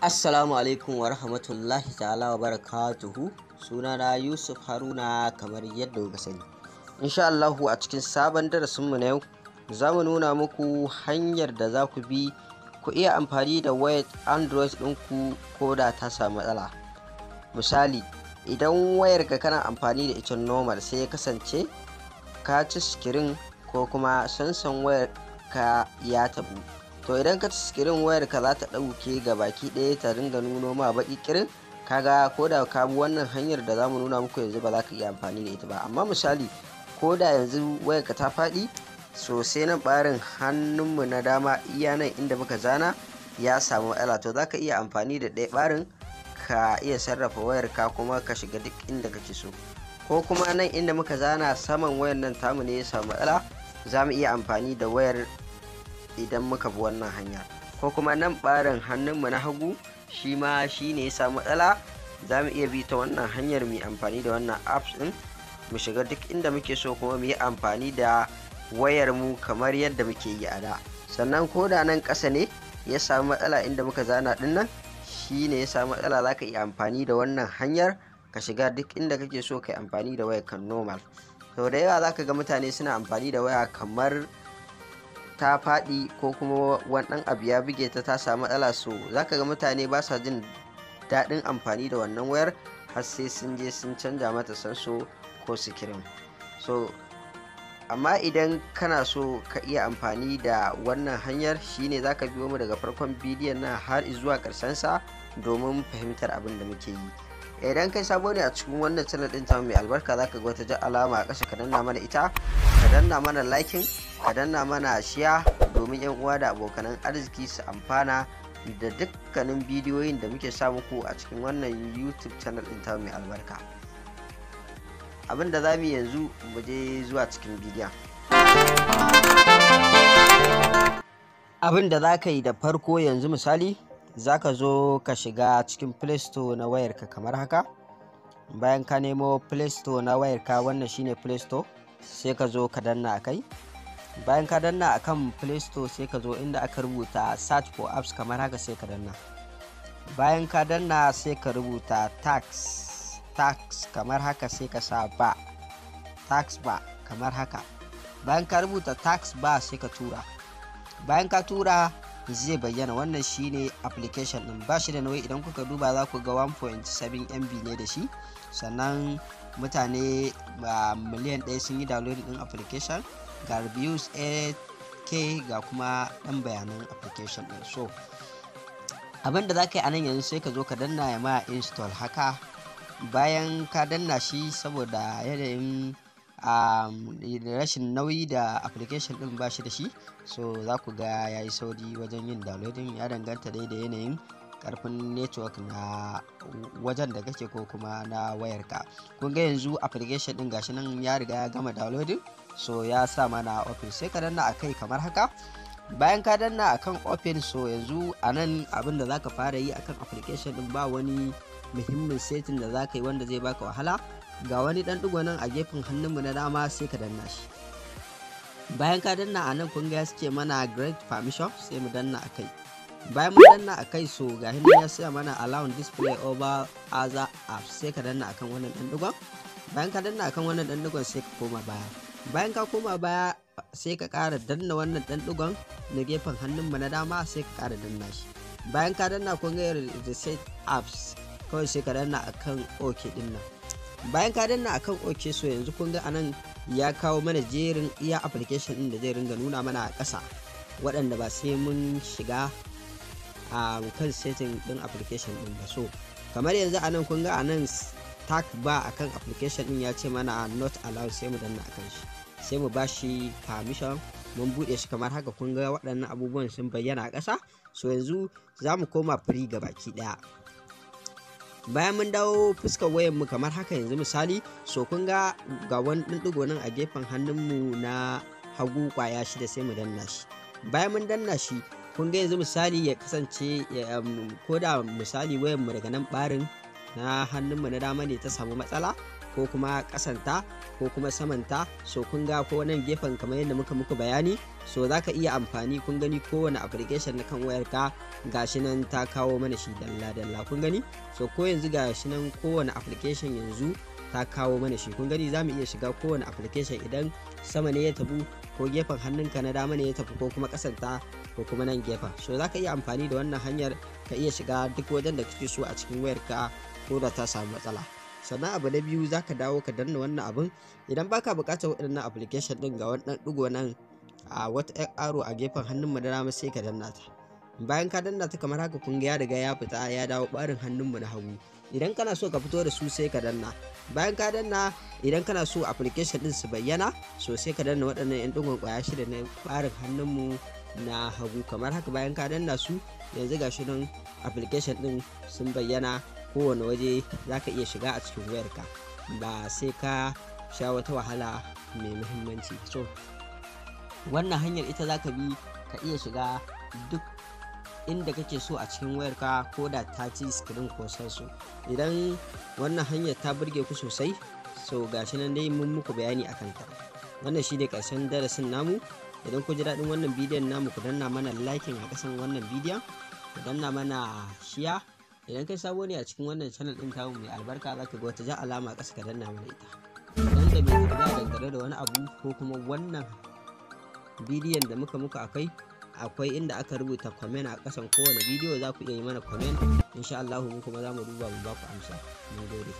Assalamu alaikum wa rahmatullahi ta'ala wa barakatuhu sunana Yusuf Haruna kamar yadda kuka sani. Insha Allahu a cikin sabon darasinmu na yau za mu nuna muku hanyar da za ku bi ku iya amfani da wayar Android ɗinku ko da ta samu matsala. Misali, idan wayar ka kana amfani da ita normal sai ya kasance ka ci sikirin ko kuma sansan wayar ka ya tabu. to idan ka ci sikirin wayar ka za ta ɗauke ga baki ɗaya ta ringa nuno ma baki kirin kaga ko da ka bi wannan hanyar da zamu nuna muku yanzu ba za ka iya amfani da ita ba amma misali ko da yanzu wayarka ta faɗi sosai nan ɓarin hannunmu na dama iya nan inda muka zana ya samu matsala to za ka iya amfani da ɗaya ɓarin ka iya sarrafa wayarka ka kuma ka shiga duk inda kake so ko kuma nan inda muka zana saman wayar nan tamu ne ya samu matsala za mu iya amfani da wayar idan muka bi wannan hanyar ko kuma nan ɓarin hannunmu na hagu shi ma shi ne ya samu matsala za mu iya bi ta wannan hanyar mu amfani da wannan apps ɗin mu shiga duk inda muke so kuma mu yi amfani da wayar mu kamar yadda muke yi a da sannan ko da nan ƙasa ne ya samu matsala inda muka zana ɗinnan nan shi ne ya samu matsala za ka yi amfani da wannan hanyar ka shiga duk inda kake so ka yi amfani da wayar ka normal sau da yawa za ka ga mutane suna amfani da waya kamar ta faɗi ko kuma wannan abu ya buge ta ta samu matsala so zaka ga mutane ba sa jin daɗin amfani da wannan wayar har sai sun je sun canja mata sanso ko sikirin so amma idan kana so ka iya amfani da wannan hanyar shine zaka biyo mu daga farkon bidiyon nan har zuwa sa domin fahimtar abin da muke yi idan kai sabo ne a cikin wannan channel din ta mai albarka zaka ga wata alama a ƙasa ka danna mana ita danna mana liking ka danna mana shiya domin yan uwa da abokanan arziki su amfana da dukkanin bidiyoyin da muke sa muku a cikin wannan youtube channel din ta mai albarka abin da za mu yanzu mu je zuwa cikin bidiyon abin da za ka yi da farko yanzu misali za ka zo ka shiga cikin play store na wayarka kamar haka bayan ka nemo play store na wayarka wannan shine play store sai ka zo ka danna akai bayan ka danna akan play store sai ka zo inda aka rubuta search for apps kamar haka sai ka danna bayan ka danna sai ka rubuta tax tax kamar haka sai ka sa ba tax ba kamar haka bayan ka rubuta tax ba sai ka tura bayan ka tura zai bayyana wannan shine application din ba shi da nauyi idan kuka duba za ku ga 1.7 mb ne da shi sannan mutane ba miliyan ɗaya sun yi downloading ɗin application ga reviews ak ga kuma ɗan bayanan application ɗin so abin da za ka yi a nan yanzu sai ka zo ka danna ya ma install haka bayan ka danna shi saboda yanayin rashin nauyi da application ɗin ba shi da shi so za ku ga ya yi sauri wajen yin downloading ya danganta dai da yanayin karfin network na wajen da kake ko kuma na wayarka kun ga yanzu application din gashi nan ya riga ya gama downloading so ya sa mana open sai ka danna a kai kamar haka bayan ka danna akan open so yanzu a nan abin da zaka fara yi akan application din ba wani muhimmin setting da zaka yi wanda zai baka wahala ga wani dan digo nan a gefen hannunmu na dama sai ka danna shi bayan ka danna a nan kun ga suke mana great permission sai mu danna akai bayan mun danna a kai so ga hannun ya saya mana allowing display over other apps sai ka danna akan wannan dan digon bayan ka danna akan wannan dan digon sai ka koma baya bayan ka koma baya sai ka ƙara danna wannan dan digon na gefen hannun mu na dama sai ka ƙara danna shi bayan ka danna kun ga reset apps kawai sai ka danna akan ok din nan bayan ka danna akan ok so yanzu kun ga anan ya kawo mana jerin iya application din da zai ringa nuna mana a ƙasa waɗanda ba sai mun shiga a kan setting din application din ba so kamar yanzu a nan kun ga a nan tag ba akan application din ya ce mana not allowed sai mu danna akan shi sai mu ba shi permission mun bude shi kamar haka kun ga waɗannan abubuwan sun bayyana a ƙasa so yanzu za mu koma free ga baki ɗaya bayan mun dawo fuskar wayan mu kamar haka yanzu misali so kun ga ga wani ɗigo nan a gefen hannun mu na hagu kwaya shida sai mu danna shi bayan mun danna shi kun ga yanzu misali ya kasance um, ko da misali mu daga nan barin na hannunmu na dama ne ta samu matsala ko kuma kasanta ko kuma samanta so kun ga ko nan gefen kamar yadda muka muku bayani so za ka iya amfani kun gani kowane application na kan wayarka gashi nan ta kawo mana shi dalla dalla kun gani so ko yanzu gashi nan kowane application yanzu ta kawo mana shi kun gani za mu iya shiga kowane application idan sama ne ya tabu ko gefen hannunka na dama ne ya tafi ko kuma kasanta ko kuma nan gefen so za ka iya amfani da wannan hanyar ka iya shiga duk wajen da kake so a cikin wayarka ko da ta samu matsala sannan abu na biyu za ka dawo ka danna wannan abin idan baka bukata waɗannan application ɗin ga wannan ɗigo nan a wata aro a gefen hannun madara ma sai ka danna ta bayan ka danna ta kamar haka kun ga ya riga ya fita ya dawo barin hannunmu na hagu idan kana so ka fito da su sai ka danna bayan ka danna idan kana so application din su bayyana so sai ka danna waɗannan 'yan ɗigon kwaya shida na barin hannunmu na hagu kamar haka bayan ka danna su yanzu ga shi nan application din sun bayyana kowane waje za ka iya shiga a cikin wayarka ba sai ka sha wata wahala mai muhimmanci so wannan hanyar ita za ka bi ka iya shiga duk inda kake so a cikin wayarka ko da ta ci screen ko sansu idan wannan hanyar ta burge ku sosai so gashi nan dai mun muku bayani akan ta wannan shine karshen darasin namu idan ku ji daɗin wannan bidiyon namu ku danna mana likin a ƙasan wannan bidiyon ku danna mana shiya idan kai sabo ne a cikin wannan channel ɗin tamu mai albarka za ka ga wata ja alama ƙasa ka danna mana ita idan da mai kuma dangane da wani abu ko kuma wannan bidiyon da muka muka akai akwai inda aka rubuta kwamen a ƙasan kowane bidiyo za ku iya yi mana comment insha Allah mu kuma za mu duba mu ba ku amsa mun gode